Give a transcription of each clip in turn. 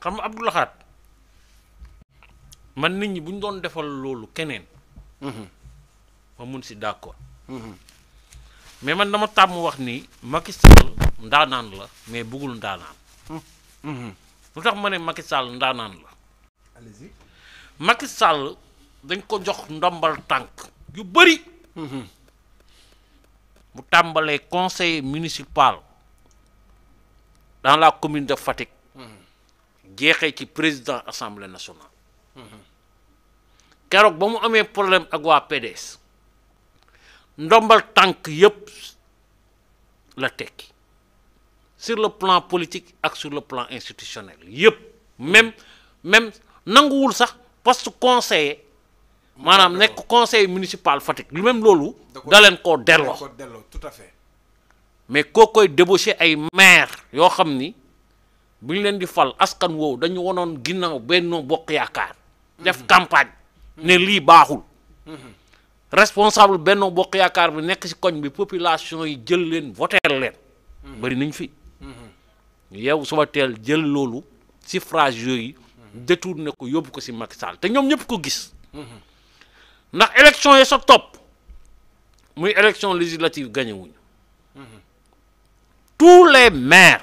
xam nga Abdou man nit ñi buñ doon defal loolu keneen. Mhm. ma mun si d'accord. Mhm. mais man dama tàmm wax ni Macky ndaanaan la mais bëggul ndaanaan. Mhm. lu tax ma ne Macky ndaanaan la. allez-y Macky dañ ko jox ndombal tànk yu bari mu tàmbalee conseil municipal dans la commune de Fatick. jeexee ci président assemblée nationale kérok ba mu amee problème ak wa PDS ndombal tank yep la tekki sur le plan politique ak sur le plan institutionnel yep même même nangoul sax poste conseiller manam nek conseil municipal fatik lu même loolu da leen koo tout à fait mais kokoy koy ay maire yo xamni bu ñu leen di fal askan woowu dañu wonoon ginnaaw Benno Bokk Yaakaar def campagne ne lii baaxul responsable Benno Bokk Yaakaar bi nekk ci koñ bi population yi jël leen voteel leen bari nañ fi yow suba teel jël loolu si suffrage yooyu détourné ko yóbbu ko si Macky Sall te ñoom ñëpp ko gis ndax élection yi sa topp muy élection législative gagné wuñu tous les maires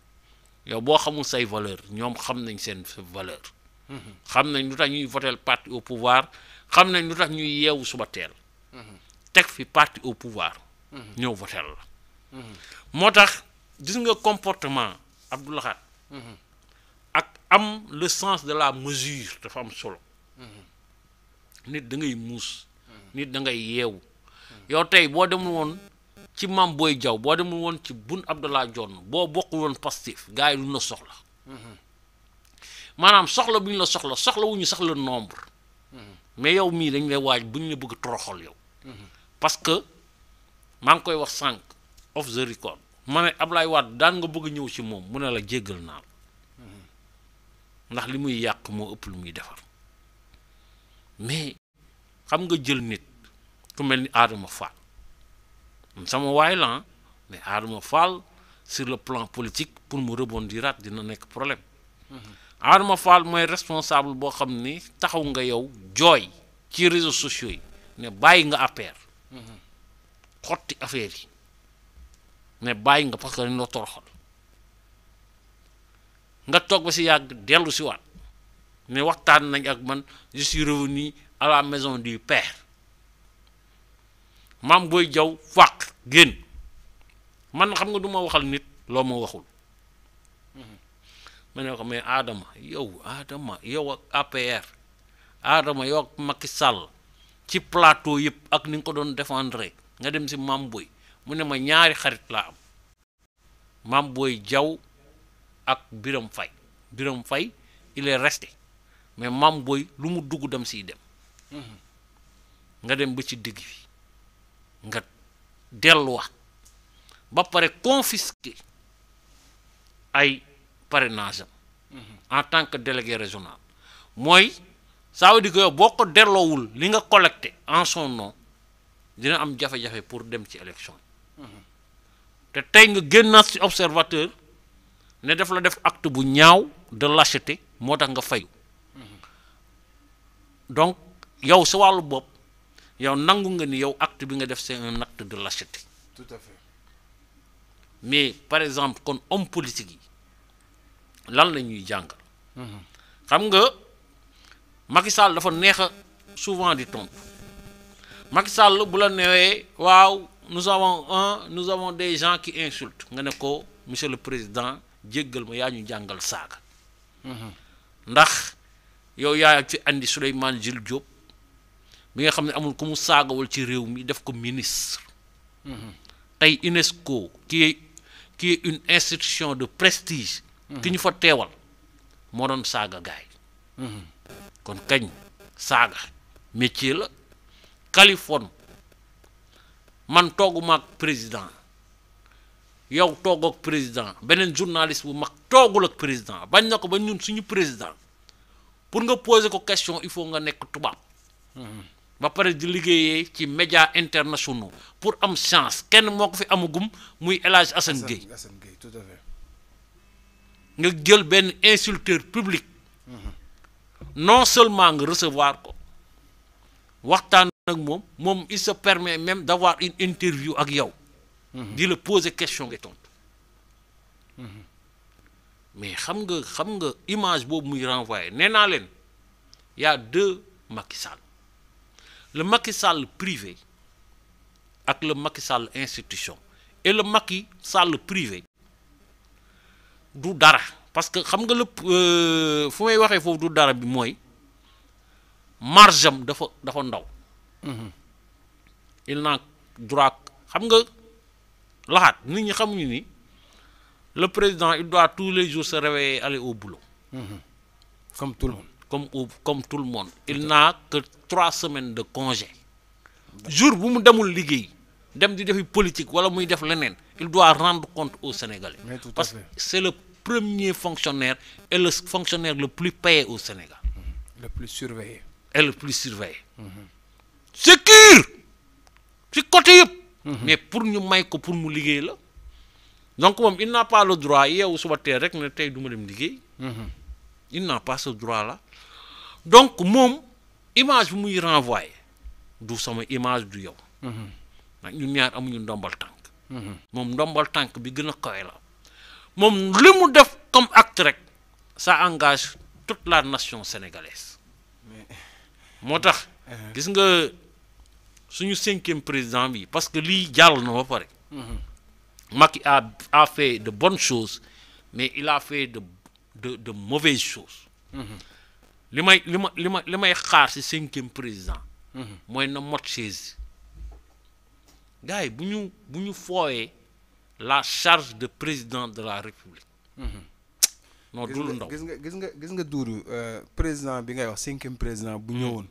yow boo xamul say valeur ñoom xam nañ seen valeur xam nañ lu tax ñuy voter parti au pouvoir xam nañ lu tax ñuy yeewu suba teel teg fi parti au pouvoir ñëw voter la moo tax gis nga comportement Abdou Lahad ak am le sens de la mesure dafa am solo nit da ngay muus nit da ngay yeewu yow tey boo demul woon ci Mame booy Diaw boo demul woon ci Boun Abdallah Dionne boo bokkul woon Pastef gars yi duñ la soxla maanaam soxla bu ñu la soxla soxla wu ñu sax le nombre mais yow mii dañ lay waaj bu ñu la bëgg toroxal yow parce que maa ngi koy wax sànq off the record ma ne Ablaye Wade daan nga bëgg ñëw ci moom mu ne la jéggal naa ndax li muy yàq moo ëpp lu muy defar mais xam nga jël nit ku mel ni aadama Fall sama waay la mais Adama Fall sur le plan politique pour mu rebondiraat dina nekk problème mhm. Adama Fall mooy responsable boo xam ni taxaw nga yow jooy ci réseau sociaux yi ne bàyyi nga affaire mhm. xotti affaire yi ne bàyyi nga parce que dañ la toroxal nga toog ba si yàgg dellu si waat ne waxtaan nañ ak man je suis revenu à la maison du père mam boy jaw fak gen man xam nga duma waxal nit lo mo waxul man ko me adam yow adam yow ak APR adam yow ak Macky Sall ci plateau yep ak ni ko don défendre nga dem si mam boy mu ne ma ñaari xarit la am mam boy jaw ak biram fay biram fay il est resté mais mam boy lu mu dugg dem ci dem mhm. nga dem ba ci digg nga delluwaat ba pare confisquer ay pare am mm-hmm. en tant que délégué régional mooy ça veut dire yow boo ko delloowul li nga collecté en son nom dina am jafe-jafe pour dem ci élection mm-hmm. te tey nga génnaat ci observateur ne def la def acte bu ñaaw de lâcheté moo tax nga fayu mm-hmm. donc yow sa wàllu bopp yow nangu nga ni yow acte bi nga def c'est un acte de lâcheté. tout à fait. mais par exemple kon homme politique lan lañuy ñuy jàngal. xam nga Macky Sall dafa neex souvent di tontu Macky Sall bu la newee waaw nous avons un nous avons des gens qui insultent nga ne ko monsieur le président jéggal ma yañu ñu jàngal saaga. Mhm. ndax yow yaa ci andi Souleymane Jules Diop bi nga xam ne amul ku mu saagawul ci réew mi def ko ministre tey UNESCO qui est qui est une institution de prestige ki ñu fa teewal moo doon saaga gaay kon kañ saaga métier la Californie man tooguma ak président yow toog ak président beneen journaliste bu mag toogul ak président bañ na ko ba ñun suñu président pour nga poser ko question il faut nga nekk tubaab ba pare di liggéeyee ci médias internationaux pour am chance kenn moo ko fi amagum muy El Hadj Gueye nga jël benn insulteur public mhm. non seulement nga recevoir ko waxtaan ak moom moom il se permet même d'avoir une interview ak yow mhm. di le poser question nga tontu mhm. mais xam nga xam nga image boobu muy renvoyé nee naa leen y a deux Macky Sall le maquis Sall privé avec le maquis Sall institution et le maquis Sall privé du parce que xam nga lépp euh, fu may waxee foofu du dara bi mooy marge de dafa dafa ndaw mhm. il n'a droit xam nga nous, nit ni le président il doit tous les jours se réveiller aller au boulot mhm. comme tout le monde comme comme tout le monde il n'a que trois semaines de congé jour bu mu demul pas dem di defi politique wala muy def leneen il doit rendre compte au Sénégalais parce que c'est le premier fonctionnaire et le fonctionnaire le plus payé au Sénégal le plus surveillé et le plus surveillé Secure, c'est côté mhm. mais pour nous, may ko pour nous liguer la donc il n'a pas le droit yeewu au teel rek ne tey du ma dem il n'a pas ce droit-là donc mon image bi d'où image du yow. Mhm. ndax ñun ñaar mhm. comme acte ça engage toute la nation sénégalaise. moo gis nga suñu 5e président bi parce que li na ba pare. Mhm. Macky a a fait de bonnes choses mais il a fait de de de mauvaises choses. li may li ma li ma li may xaar si cinquième président. mooy na mot chaise. gars yi bu ñu bu ñu fooyee la charge de président de la république. non du lu ndaw gis nga gis nga gis nga duuru euh, président bi ngay wax cinquième président bu ñëwoon.